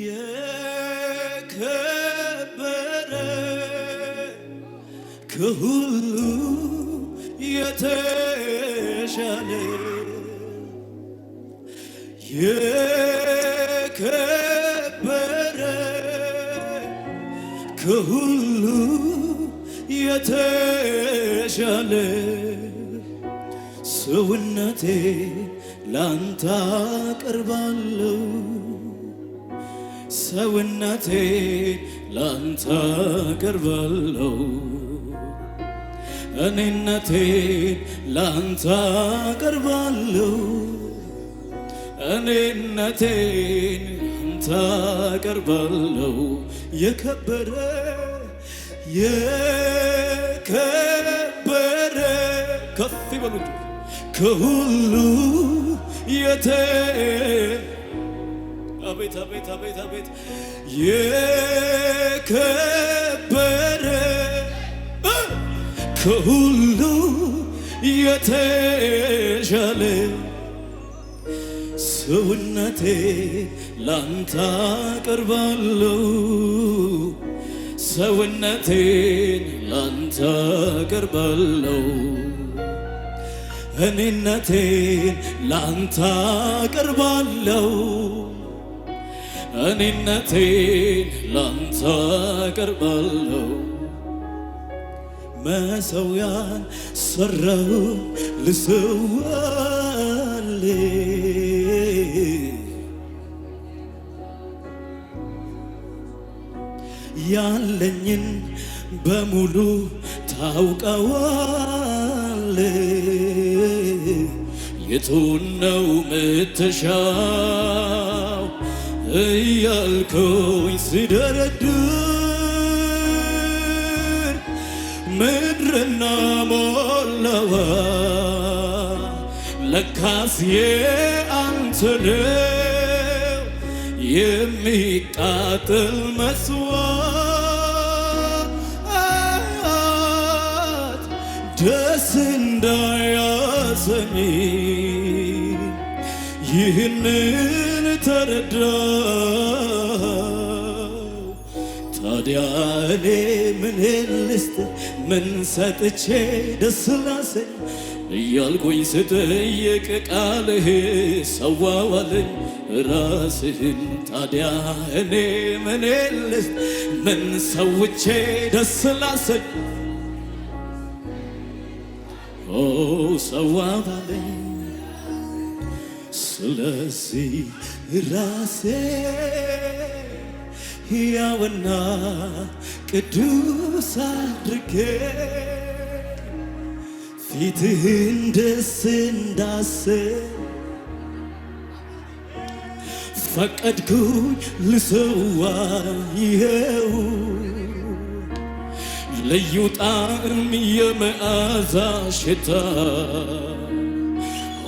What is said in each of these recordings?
የከበረ ከሁሉ የተሻለ የከበረ ከሁሉ የተሻለ ሰውነቴ ላንታ ቀርባለሁ ሰውነቴን ላንተ አቀርባለሁ እኔነቴን ላንተ አቀርባለሁ እኔነቴን ላንተ አቀርባለሁ የከበረ የከበረ ከፍ ይበሉ ከሁሉ የተ አቤት አቤት አቤት አቤት የከበረ ከሁሉ የተሻለ ሰውነቴ ላንታ ቀርባለሁ ሰውነቴን ላንተ ቀርባለሁ እኔነቴን ላንተ ቀርባለሁ እኔነቴን ላንተ አቀርባለሁ መሰውያን ሰራው ልስዋል ያለኝን በሙሉ ታውቀዋል። የቱን ነው ምትሻ እያልከውኝ ስደረድር ምድርና ሞላዋ ለካስ የአንተነው የሚቃጠል መስዋዕት ደስ እንዳያሰኝ ይህንን ተረዳ ታዲያ እኔ ምንን ልስጥ ምን ሰጥቼ ደስ ላሰኝ እያልኩኝ ስጠየቅ ቃልህ ሰዋዋለኝ ራስህን። ታዲያ እኔ ምንን ልስጥ ምን ሰውቼ ደስ ላሰኝ ሰዋዋለኝ ስለዚህ ራሴ ሕያውና ቅዱስ አድርጌ ፊትህን ደስ እንዳስብ ፈቀድኩኝ ልሰዋ ይኸው ልዩ ጣዕም የመዓዛ ሽታ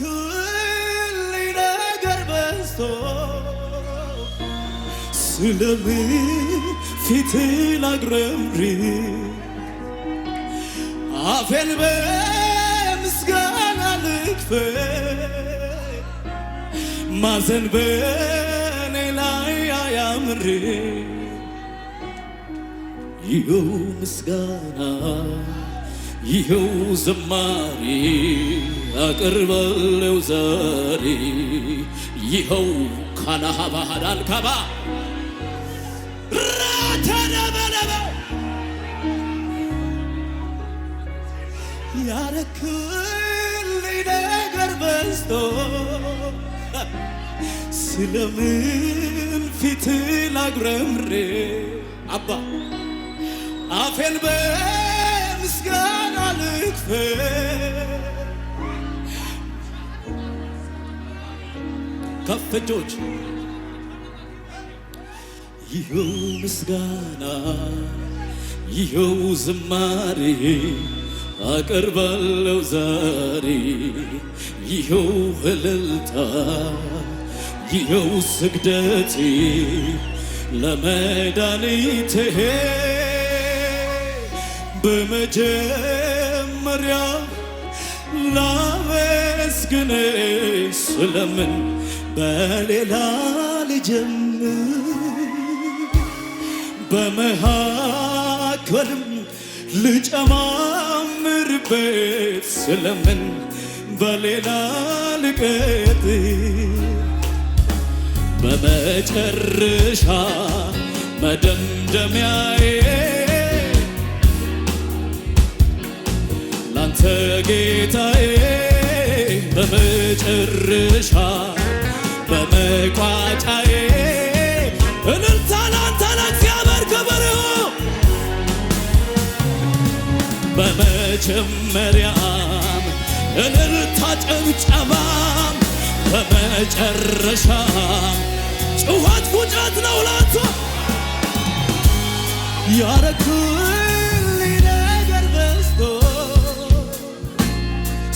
ሁሉ ነገር በዝቶ ስለምን ፊትን አግረምሪ አፌን በምስጋና ልክፈት ማዘን በኔ ላይ አያምር ይኸው ምስጋና ይኸው ዘማሪ አቅርባለው ዛሬ ይኸው ካላሃባሃዳል ካባ ራተነበለበ ያረክልኝ ነገር በዝቶ ስለምን ፊት ላጉረምሬ አባ አፌን በምስጋና ልክፈ ከፍ እጆች ይኸው ምስጋና ይኸው ዝማሬ አቀርባለው ዛሬ ይኸው እልልታ ይኸው ስግደቴ ለመድኃኒቴ በመጀመሪያ ላመስግንሽ ስለምን በሌላ ልጀምር በመሃከልም ልጨማምርበት ስለምን በሌላ ልቀት በመጨረሻ መደምደሚያዬ ላንተ ጌታዬ በመጨረሻ መቋጫዬ እልልታ ላንተ ለእግዚአብሔር ክብር በመጀመሪያም እልልታ ጭብጨባም፣ በመጨረሻም ጩኸት ፉጨት ነው ላንተ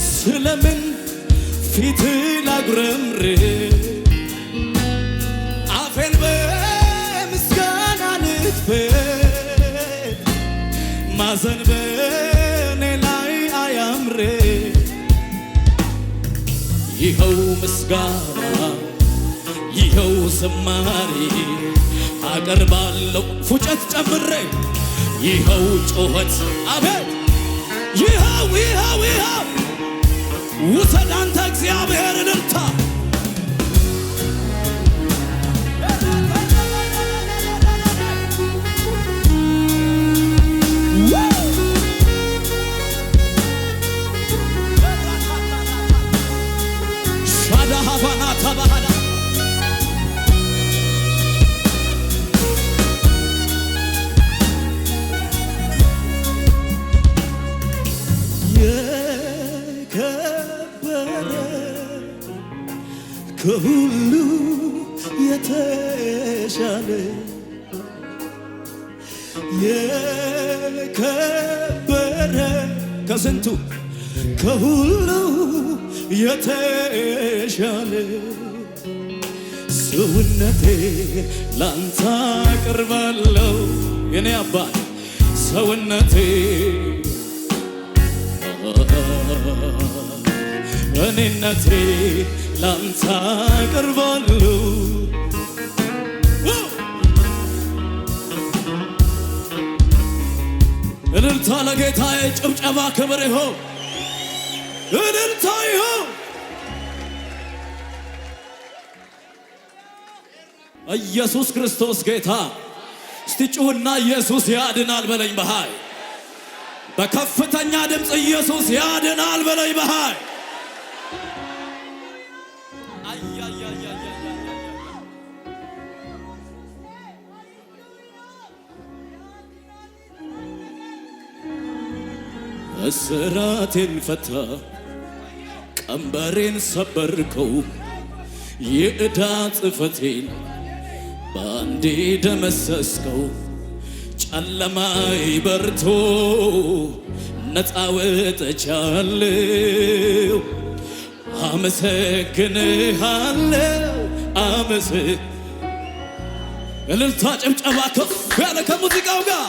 ስለምን ፊት ላጉረምርም ሐዘን በኔ ላይ አያምሬ ይኸው ምስጋና ይኸው ዝማሬ አቀርባለሁ ፉጨት ጨምሬ ይኸው ጩኸት አቤት ይኸው ይኸው ይኸው ውሰድ አንተ እግዚአብሔር እልልታ ከስንቱ ከሁሉ የተሻለ ሰውነቴ ላንተ አቀርባለሁ የኔ አባት ሰውነቴ እኔነቴ ላንተ አቀርባለሁ እልልታ ለጌታ ጭብጨባ ክብር ይሆን፣ እልልታ ይሆን። ኢየሱስ ክርስቶስ ጌታ። እስቲ ጩሁና ኢየሱስ ያድናል በለኝ በሃይ። በከፍተኛ ድምፅ ኢየሱስ ያድናል በለኝ በሃይ እስራቴን ፈታ ቀንበሬን ሰበርከው የእዳ ጽፈቴን በአንዴ ደመሰስከው ጨለማይ በርቶ ነፃ ወጥቻለሁ። አመሰግንሃለሁ አመሰ እልልታ ጭብጨባ ከፍ ያለ ከሙዚቃው ጋር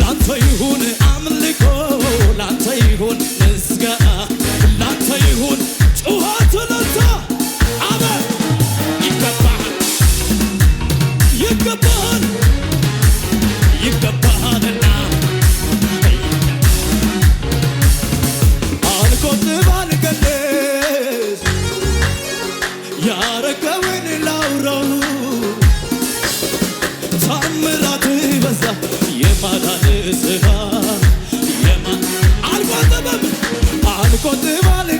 ላንተ ይሁን vale,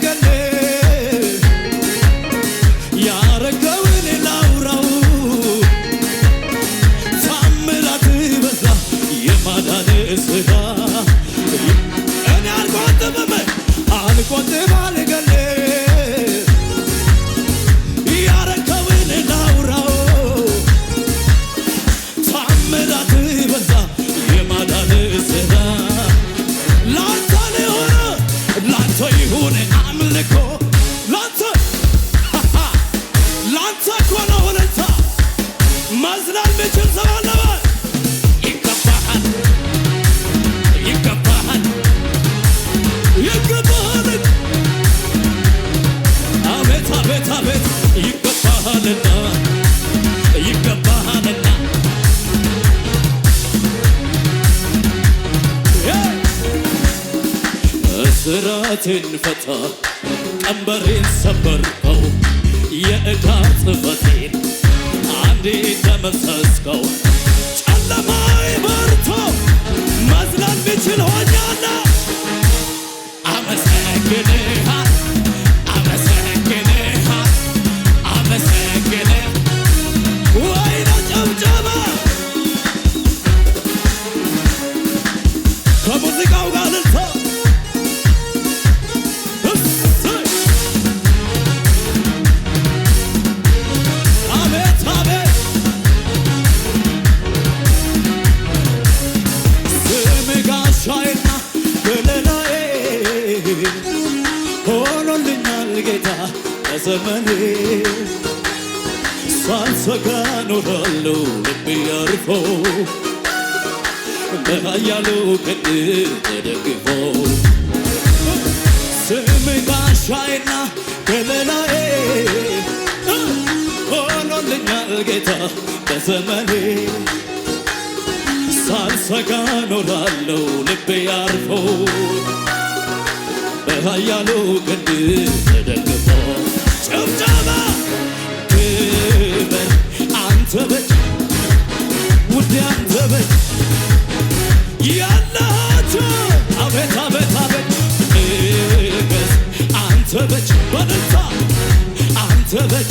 ቀንበሬን ፈታ ቀንበሬን ሰበር በዘመኔ ሳልሰጋ ኖራለሁ ልቤ አርፎ በኃያሉ ክንድ ተደግፎ ስም ጋሻዬና ከለላዬ ሆኖልኛል ጌታ በዘመኔ ሳልሰጋ ኖራለሁ ልቤ አርፎ በኃያሉ ክንድ ተደግፎ ጭብጨባ ግበን አንተ በጅ ውድ አንተ በጅ ያለሃቸው አቤት አቤት አቤት ግበን አንተ በጅ በደልታ አንተ በጅ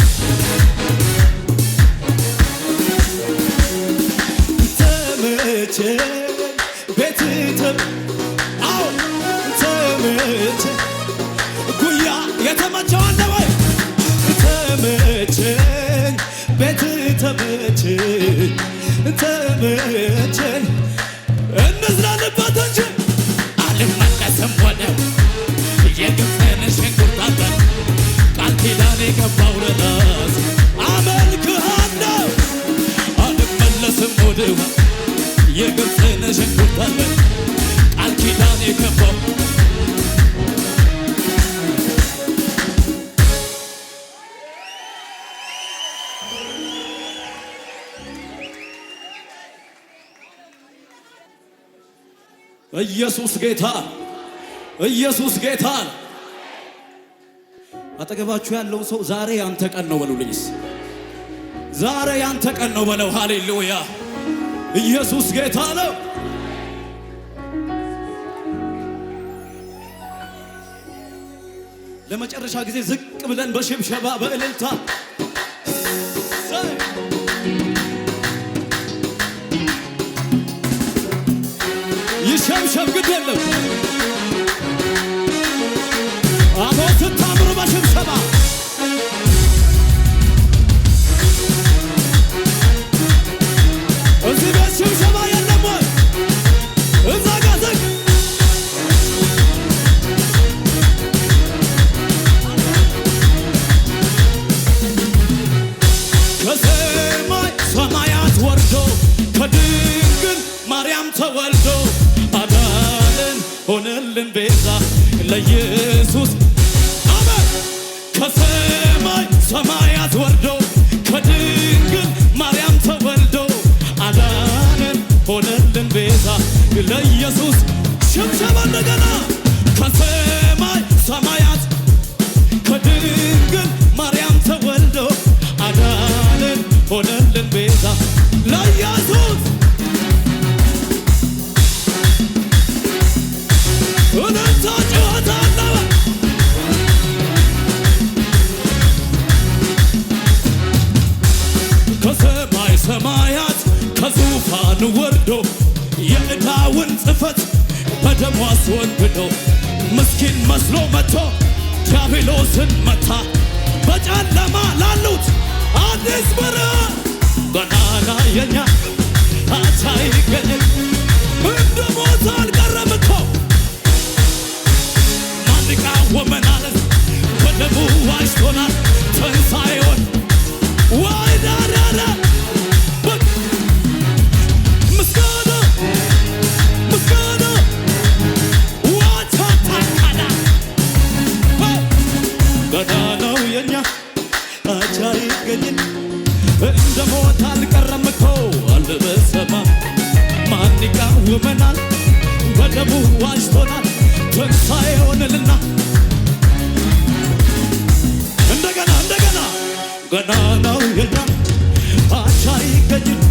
ተመቸን ተመቸን እንዝላለባት እንጂ አልመለስም ሆነ የግፍን ሽንኩርታታ ቃል ኪዳን የገባው ለራስ አመልክሃለሁ አልመለስም ወደኋላ የግፍን ሽንኩርታታ ቃል ኪዳን የገባው ኢየሱስ ጌታ፣ ኢየሱስ ጌታ። አጠገባችሁ ያለው ሰው ዛሬ ያንተ ቀን ነው በሉልኝስ። ዛሬ ያንተ ቀን ነው በለው። ሃሌሉያ! ኢየሱስ ጌታ ነው። ለመጨረሻ ጊዜ ዝቅ ብለን በሽብሸባ በእልልታ መሸብሸብ ግድ የለም አቦ ስታምሩ በሽብሸባ ሰማያት ከድንግል ማርያም ተወልዶ አዳንን ሆነልን ቤዛ ላያዙት እልልታ ጨዋታ ከሰማይ ሰማያት ከዙፋን ወርዶ የዕዳውን ጽፈት በደሙ አስወግዶ ምስኪን መስሎ መጥቶ ዲያብሎስን መታ። በጨለማ ላሉት አዲስ ብርሃን ጎዳና የኛ አቻ ይገኛል እንደ ሞታል እንደሞት አልቀረም እኮ አለ በሰማይ ማን ይቃወመናል? በደሙ ዋጅቶናል ትንሣኤ ሆንልና እንደገና እንደገና ገና ነው የለም አቻ ይገኝል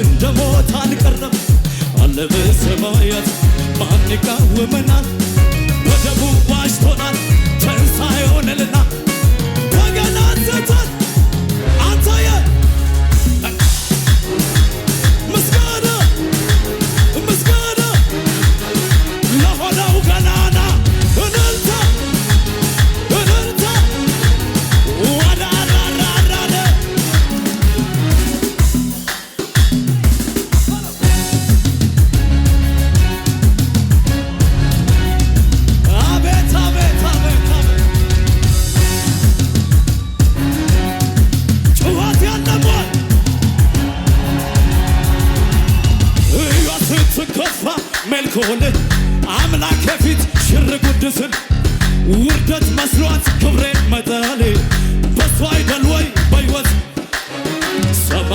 እንደ ሞት አልቀረም አለ በሰማያት ማን ይቃወመናል? በደሙ ዋጅቶናል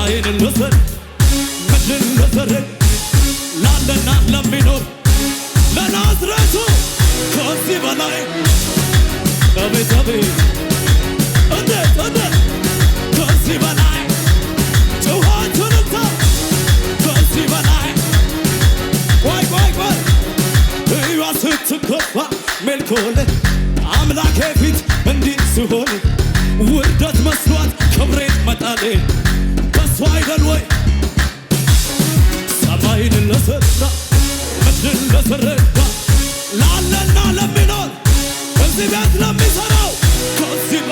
ጌታዬን እንውሰድ ምድርን መሰረት ላለና ለሚኖር ለናዝሬቱ ከዚህ በላይ አቤት አቤት ከዚህ በላይ ከዚህ በላይ ቆይ ቆይ ቆይ ሜልኮል አምላኬ ፊት እንዲህ ሲሆን ውርደት መስሏት ክብሬት መጣሌ ከፍ አይደል ወይ ሰማይን ለሰራ ምድርን ለሰረጋ ላለና ለሚኖር እዚህ ቤት ለሚሰራው ከዚህ በ